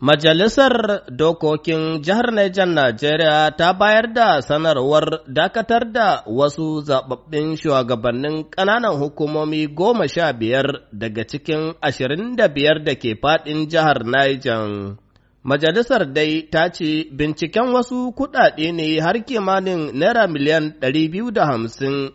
Majalisar Dokokin Jihar Nijar Najeriya ta bayar da sanarwar dakatar da wasu zaɓaɓɓun shugabannin ƙananan hukumomi goma sha biyar daga cikin ashirin da biyar da ke faɗin jihar Nijar. Majalisar dai ta ce binciken wasu kuɗaɗe ne har kimanin Naira miliyan ɗari biyu da hamsin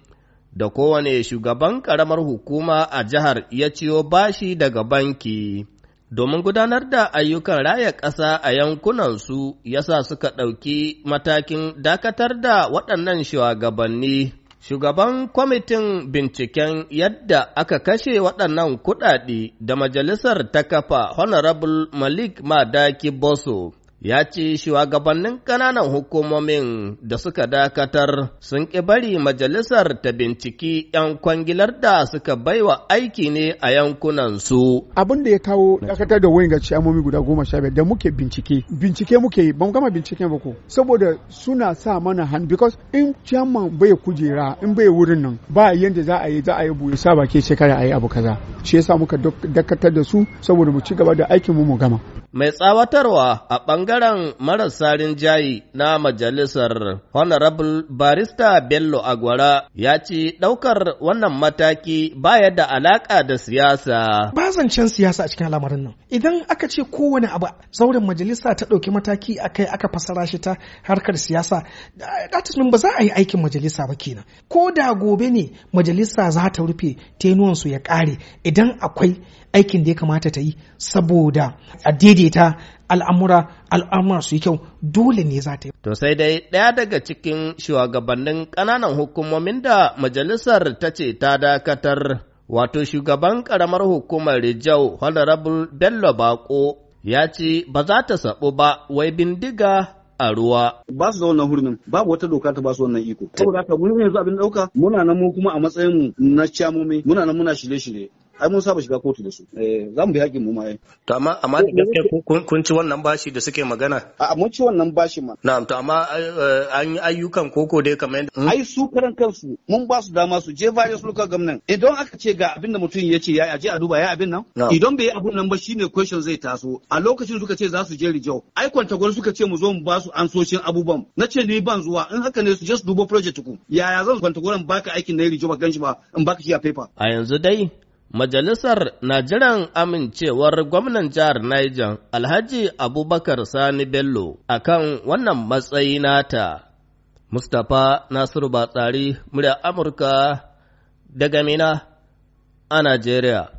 da kowane shugaban ƙaramar hukuma a jihar ya ciyo bashi daga banki. domin gudanar da ayyukan raya ƙasa a yankunansu yasa suka ɗauki matakin dakatar da waɗannan shugabanni. Shugaban kwamitin binciken yadda aka kashe waɗannan kuɗaɗe da majalisar ta kafa Honorable Malik Madaki Boso ya ce shugabannin ƙananan hukumomin da suka dakatar sun ƙi bari majalisar ta binciki 'yan kwangilar da suka baiwa aiki ne a yankunan su. Abin da ya kawo dakatar da ga gaci amomi guda goma sha biyar da muke bincike, bincike muke yi, ba gama bincike ba ko. Saboda suna sa mana han because in chairman bai kujera in bai wurin nan ba yanda za a yi za a yi buyi sa bake shekara a yi abu kaza. Shi yasa muka dakatar da su saboda mu ci gaba da aikin mu mu gama. Mai tsawatarwa a ɓangaren marasa jayi na majalisar Honorable Barista Bello Agwara ya ce ɗaukar wannan mataki baya da alaƙa da siyasa. Ba zancen siyasa a cikin al'amarin nan. Idan aka ce kowane abu saurin majalisa ta ɗauki mataki a kai aka fasara shi ta harkar siyasa, ɗatismin ba za a yi aikin majalisa ba kenan. Ko da gobe ne majalisa za ta rufe tenuwansu ya ƙare idan akwai aikin da ya kamata ta yi saboda a daidai daidaita al'amura al'amura su yi kyau dole ne za ta yi. To sai dai ɗaya daga cikin shugabannin ƙananan hukumomin da majalisar ta ce ta dakatar wato shugaban ƙaramar hukumar Rijau Honorable Bello Bako ya ce ba za ta sabu ba wai bindiga a ruwa. Ba su zauna hurumin babu wata doka ta ba su wannan iko. Saboda haka mun yanzu abin ɗauka muna nan mu kuma a matsayin na camomi muna nan muna shirye-shirye. ai mun saba shiga kotu da su eh, za mu bi haƙƙin mu ma to amma amma da eh, gaske kun ci wannan bashi da suke magana a mun ci wannan bashi ma na'am to amma eh, an yi ayyukan koko dai kamar yadda hmm? ai su karan kansu mun ba su dama su je various local government idan aka ce ga abin da mutum ya ce ya aje a duba ya abin nan idan bai yi abun nan ba shine question zai taso a lokacin suka ce za su je rijau ai kwantagwar suka ce mu zo mu ba su ansoshin abubuwan na ce ni ban zuwa in haka ne su je su duba project ku yaya zan kwantagwaran baka aikin na rijau ba ganshi ba in baka shi a paper a yanzu dai Majalisar na jiran amincewar gwamnan jihar Niger Alhaji Abubakar Sani Bello a kan wannan matsayi nata. Mustapha Nasiru Batsari, murya Amurka daga Mina a Najeriya.